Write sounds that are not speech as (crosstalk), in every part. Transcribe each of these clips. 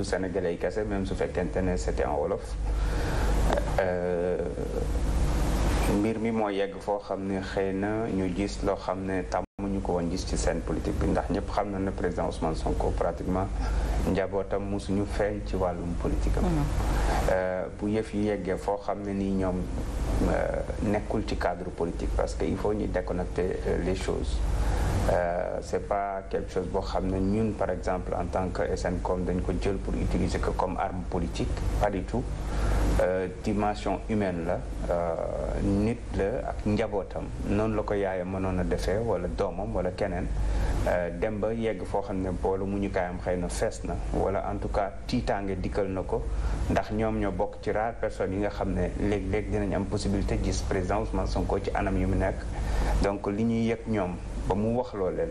du sénégalais yi kese même su fekkente ne c'était en wolof euh, mbir mi moo yegg foo xam ne xëy na ñu gis loo xam ne tàmmuñu ko woon gis ci seen politique bi ndax ñëpp xam na ne président Ousmane Sonko pratiquement njabootam mosuñu feeñ ci wàllum politique am mm-hmm. euh, bu yëf yi yeggee foo xam ne nii ñoom euh, nekkul ci cadre politique parce que il faut ñu déconnecter les choses Euh, c'est pas quelque chose boo xam ne ñun par exemple en tant que SNCOM dañ ko jël pour utiliser ko comme arme politique pas du tout euh, dimension humaine la euh, nit la ak njabootam noonu la ko yaayam mënoon a defee wala doomam wala keneen dem ba yegg foo xam ne boolu mu ñu kaayam xëy na fees na wala en tout cas tiitaange dikkal na ko ndax ñoom ñoo bokk ci rare personnes yi nga xam ne léegi léegi dinañ am possibilité gis président Ousmane Sonko ci anam yu mu nekk donc li ñuy yëg ñoom ba mu wax loo leen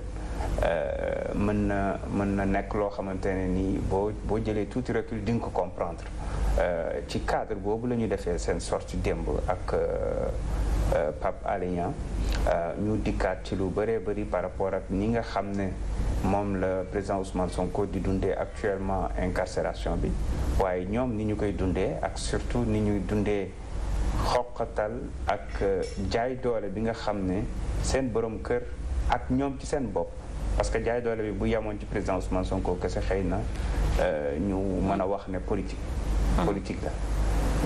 euh, mën na mën na nekk loo xamante ne nii boo boo jëlee tuuti recul dinga nga ko comprendre euh, ci cadre boobu la ñu defee seen sortie démb ak euh, Pape Alé Niang ñu dikkaat ci lu bëree bëri par rapport ak ni nga xam ne moom la président Ousmane Sonko di dundee actuellement incarcération bi waaye ñoom ni ñu koy dundee ak surtout ni ñuy dundee xoqatal ak jaay doole bi nga xam ne seen borom kër ak ñoom ci seen bopp parce que jaay doole bi bu yemoon ci président Ousmane Sonko kese xëy na euh, ñu mën a wax ne politique politique la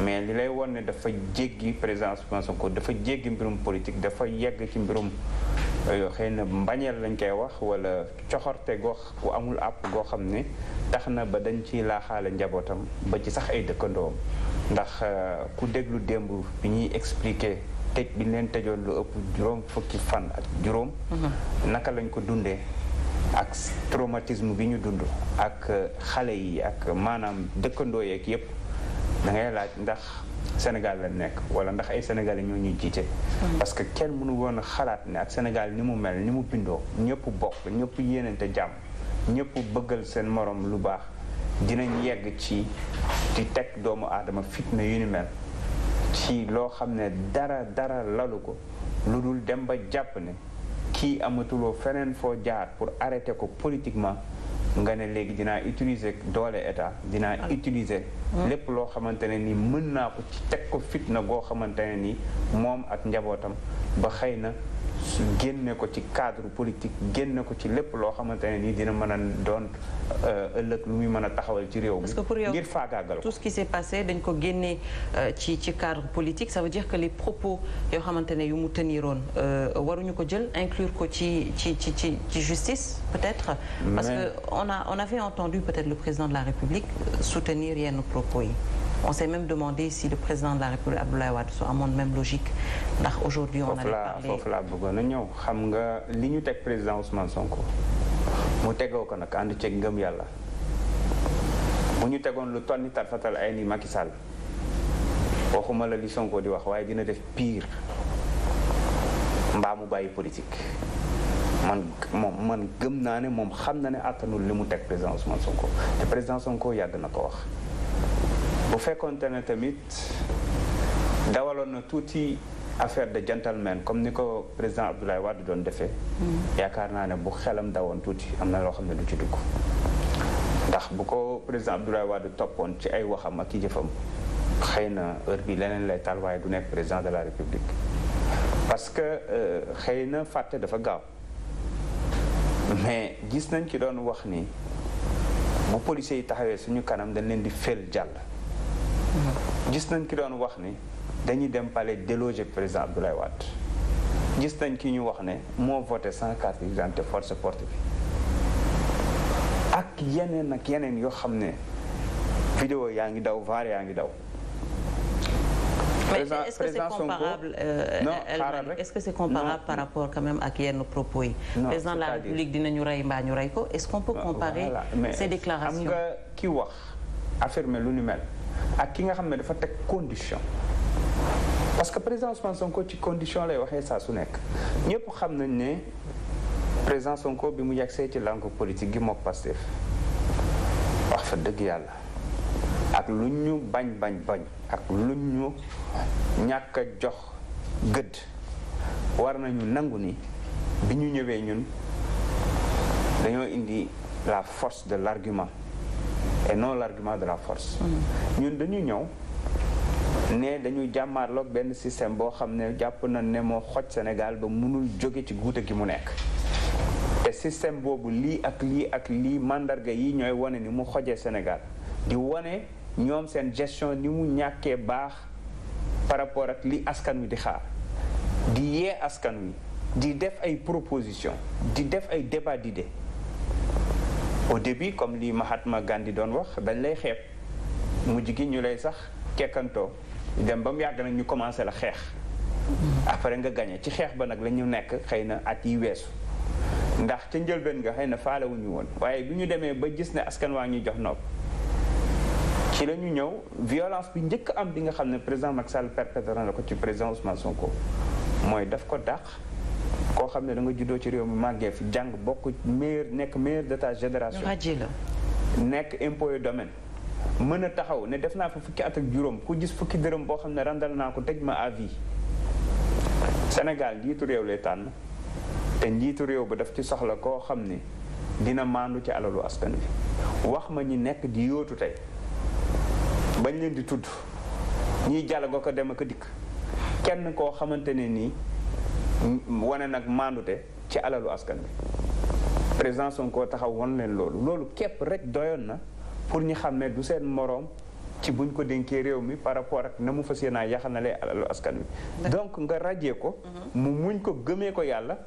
mais li lay won ne dafa jéggi président Ousmane Sonko dafa jéggi mbirum politique dafa yegg ci mbirum euh, xëy na mbañeel lañ koy wax wala coxorte goo bu amul àpp goo xam ne tax na ba dañ ciy laaxaale njabootam ba ci sax ay dëkkandoom ndax euh, ku déglu démb bi ñuy expliquer tëj bi leen tëjoon lu ëpp juróom fukki fan ak juróom mhm. naka lañ ko dundee ak traumatisme bi ñu dund ak euh, xale yi ak maanaam dëkkandoo yeeg yépp da ngay laaj ndax Sénégal la nekk wala ndax ay sénégalais ñoo ñuy jiite. Mhm. parce que kenn nu woon a xalaat ne ak Sénégal ni mu mel ni mu bindoo ñëpp bokk ñëpp yéenante jàmm ñëpp bëggal seen moroom lu baax dinañ yegg ci di doomu aadama fitna yu ni mel. ci loo xam ne dara dara lalu ko lu dul dem ba jàpp ne kii amatuloo feneen foo jaar pour arrêter ko politiquement nga ne léegi dinaa utiliser doole état dinaa utiliser mmh. lépp loo xamante ne ni mën naa ko ci teg ko fitna goo xamante ne ni moom ak njabootam ba xëy na génnee ko ci cadre politique génne ko ci lépp loo xamante ne nii dina mën a doon euh, ëllëg lu muy mën a taxawal ci réew mi. que pour yow ngir faagaagal ko tout ce qui s'est passé dañ ko génne euh, ci ci cadre politique ça veut dire que les propos yoo xamante ne yu mu tëniroon euh, waruñu ko jël inclure ko ci ci ci ci ci justice peut-être. parce que on a on avait entendu peut-être le président de la République soutenir yenn propos yi. on s'est même demandé si le président de la République Abdoulaye Wade su amoon même logique ndax aujourd'hui on avait parlé foofu laa bëggoon a ñëw xam nga li ñu teg président Ousmane Sonko mu tegoo ko nag ànd ceeg ngëm yàlla mu ñu tegoon lu tonni tal ay ni Macky Sall waxuma la li Sonko di wax waaye dina def piir mbaa mu bàyyi politique man moom man gëm naa ne moom xam na ne àttanul li mu teg président Ousmane Sonko te président Sonko yàgg na ko wax bu fekkonte ne tamit dawaloon na tuuti affaire de gentleman comme ni ko président Abdoulaye Wade doon defee. Mm. yaakaar naa ne bu xelam dawoon tuuti am na loo xam ne du ci dugg. ndax bu ko président Abdoulaye Wade toppoon ci ay waxam ak i jëfam xëy na heure bi leneen lay taal waaye du nekk président de la république. parce que euh, xëy na fàtte dafa gaaw mais gis nañ ci doon wax ni bu policiers yi taxawee suñu kanam dañ leen di fël jàll. gis nañ ki doon wax ni dañuy dem palais déloger président Abdoulaye Wade gis nañ ki ñu wax ne moo voté sans carte d'identité force porte ak yeneen ak yeneen yoo xam ne vidéo yaa ngi daw var yaa ngi daw Mais est-ce que c'est comparable euh, est que c'est comparable non, par rapport quand même ak yenn propos yi président la République dinañu rey mbaa ñu rey ko est euh, comparer ces déclarations xam nga ki wax affirmer lu ni mel ak ki nga xam ne dafa teg condition parce que président Ousmane Sonko ci condition lay waxee saa su nekk ñëpp xam nañ ne président Sonko bi mu see ci langue politique gi mook Pastef wax fa dëgg yàlla ak lu ñu bañ bañ bañ ak lu ñu ñàkk jox gëdd war nañu nangu ni bi ñu ñëwee ñun dañoo indi la force de l'argument et non l'argument de la force ñun dañu ñëw ne dañuy jàmmaarlook benn système boo xam ne jàpp na ne moo xoj Sénégal ba mënul jóge ci guute gi mu nekk te système boobu lii ak lii ak lii màndarga yi ñooy wane ni mu xoje senegal di wane ñoom seen gestion ni mu ñàkkee baax par rapport ak lii askan wi di xaar di yee askan wi di def ay proposition di def ay débat d'idées au début comme lii ma Mahatma di doon wax dañ lay xeep mujj jigéen ñu lay sax kekkantoo dem ba mu yàgg nag ñu commencé la xeex après nga gañe ci xeex ba nag la ñu nekk xëy na at yi weesu ndax ca njëlbeen nga xëy na faalewuñu woon waaye bi ñu demee ba gis ne askan waa ñuy jox nopp ci la ñu ñëw violence bi njëkk am bi nga xam ne président Macky Sall perpétré na ko ci président Ousmane Sonko mooy daf ko dàq koo xam ne da juddoo ci réew mi màggee fi jàng bokk meilleur nekk meilleur de ta génération nekk impôt et domaine mën a taxaw ne def naa fi fukki at ak juróom ku gis fukki dërëm boo xam ne randal naa ko tëj ma à vie Sénégal njiitu réew lay tànn te njiitu réew bi daf ci soxla koo xam ne dina maandu ci alalu askan bi wax ma ñi nekk di yootu tey bañ leen di tudd ñiy jàll ko dem ak dikk kenn koo xamante ne nii wane nag maandute ci alalu askan bi président Sonko taxaw wan leen loolu loolu képp rek doyoon na pour ñu xam ne du seen moroom ci buñ ko dénkee réew mi par rapport ak na mu fas yéenaa yaxanalee alalu askan wi donc nga rajee ko mhm. mu muñ ko gëmee ko yàlla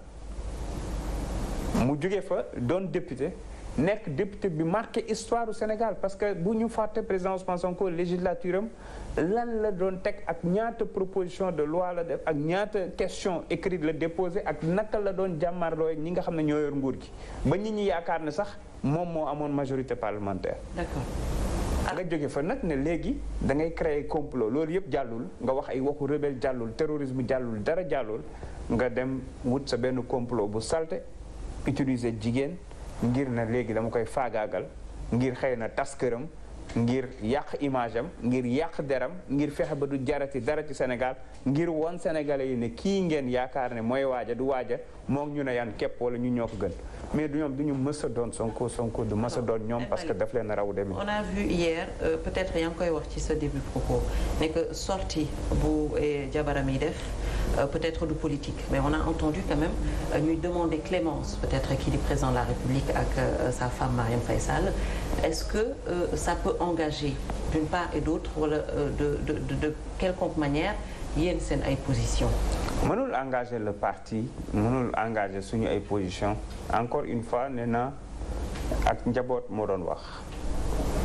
mu jóge fa doon député nekk député bi marqué histoire du Sénégal parce que bu ñu fàtte président Ousmane Sonko législature am lan la doon teg ak ñaata proposition de loi la def ak ñaata question écrite la déposé ak naka la doon jàmmarloo ñi nga xam ne ñoo yor nguur gi ba nit ñu yaakaar ne sax moom moo amoon majorité parlementaire. d'accord. Ah. nga jóge fa nag ne léegi da ngay créer complot loolu yëpp jàllul nga wax ay waxu rebelle jàllul terrorisme jàllul dara jàllul nga dem wut sa benn complot bu salte utiliser jigéen. ngir na léegi dama koy faagaagal ngir xëy na tas këram ngir yàq image ngir yàq deram ngir fexe ba du jarati dara ci Sénégal ngir won sénégalais yi ne kii ngeen yaakaar ne mooy waaja du waaja moo ñu ne yan képp wala ñu ñoo ko gën mais du ñoom du ñu mës a doon Sonko Sonko du mës a doon ñoom parce que daf leen raw début. on a vu hier euh, peut-être yaa ngi koy wax ci sa début propos ne que sortie bu eh, jabaram yi def euh, peut-être du politique mais on a entendu quand même euh, ñuy demander clémence peut-être kii di président de la République ak euh, sa femme Marième Faye Sall est-ce que euh, ça peut engager d'une part et d'autre wala voilà, de de de de quelconque manière. yéen seen ay position mënul engager la parti mënul engager suñu ay position encore une fois nee na ak njaboot moo doon wax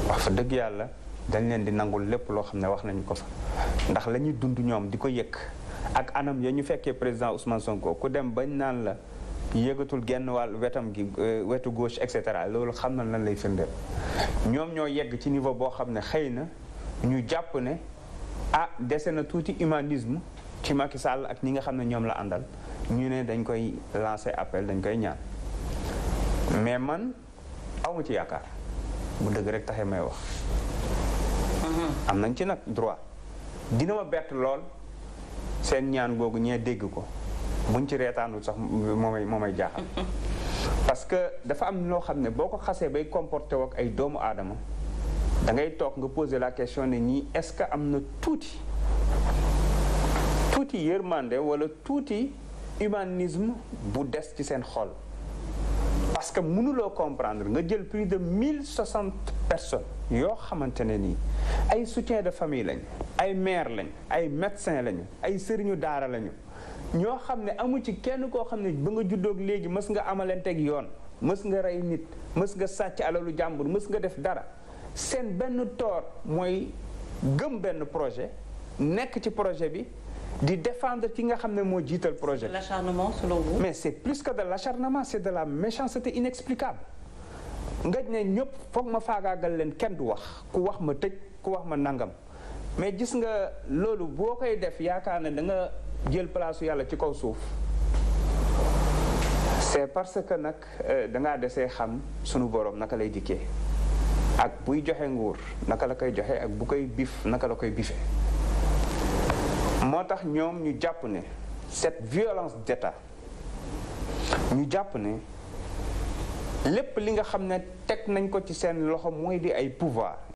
wax fa dëgg yàlla dañ leen di nangul lépp loo xam ne wax nañu ko fa ndax lañuy dund ñoom di ko yëkk ak anam ya ñu fekkee président Ousmane Sonko ku dem bañ naan la yëgatul genn wàll wetam gi euh, wetu gauche et cetera loolu xam na lan lay firndeel ñoom ñoo yegg ci niveau boo xam ne xëy na ñu jàpp ne ah dese na tuuti humanisme ci Macky sàll ak ñi nga xam ne ñoom la àndal ñu ne dañ koy lancer appel dañ koy ñaan mais man awma ci yaakaar bu dëgg rek taxee may wax mhm. am nañ ci nag droit dina ma bett lool seen ñaan googu ñee dégg ko buñ ci reetaanul sax moomay moomay jaaxal (laughs) parce que dafa am loo xam ne boo ko xasee bay comporté wak ay doomu aadama da ngay toog nga poser la question ne ñii est-ce que am na tuuti tuuti yërmande wala tuuti humanisme bu des ci seen xool parce que mënuloo comprendre nga jël plus de mille soixante personnes yoo xamante ne nii ay soutien de famille lañ ay maire lañ ay médecin lañu ay sëriñu daara lañu ñoo xam ne amu ci kenn koo xam ne ba nga juddoog léegi mës nga amalanteeg yoon mës nga rey nit mës nga sàcc alalu jàmbur mës nga def dara seen benn tort mooy gëm benn projet nekk ci projet bi di défendre ki nga xam ne moo jiital projet bi. l'acharnement selon mais c'est plus que de l'acharnement c'est de la méchanceté inexplicable ngaj ne ñëpp foog ma faagaagal leen kenn du wax ku wax ma tëj ku wax ma nangam mais gis nga loolu boo koy def yaakaar ne da nga jël place yàlla ci kaw suuf c'est parce que nag euh, dangaa desee xam sunu boroom naka lay dikkee ak buy joxe nguur naka la koy joxe ak bu koy biif naka la koy bife moo tax ñoom ñu jàpp ne cette violence d'État ñu jàpp ne lépp li nga xam ne teg nañ ko ci seen loxo mooy di ay pouvoir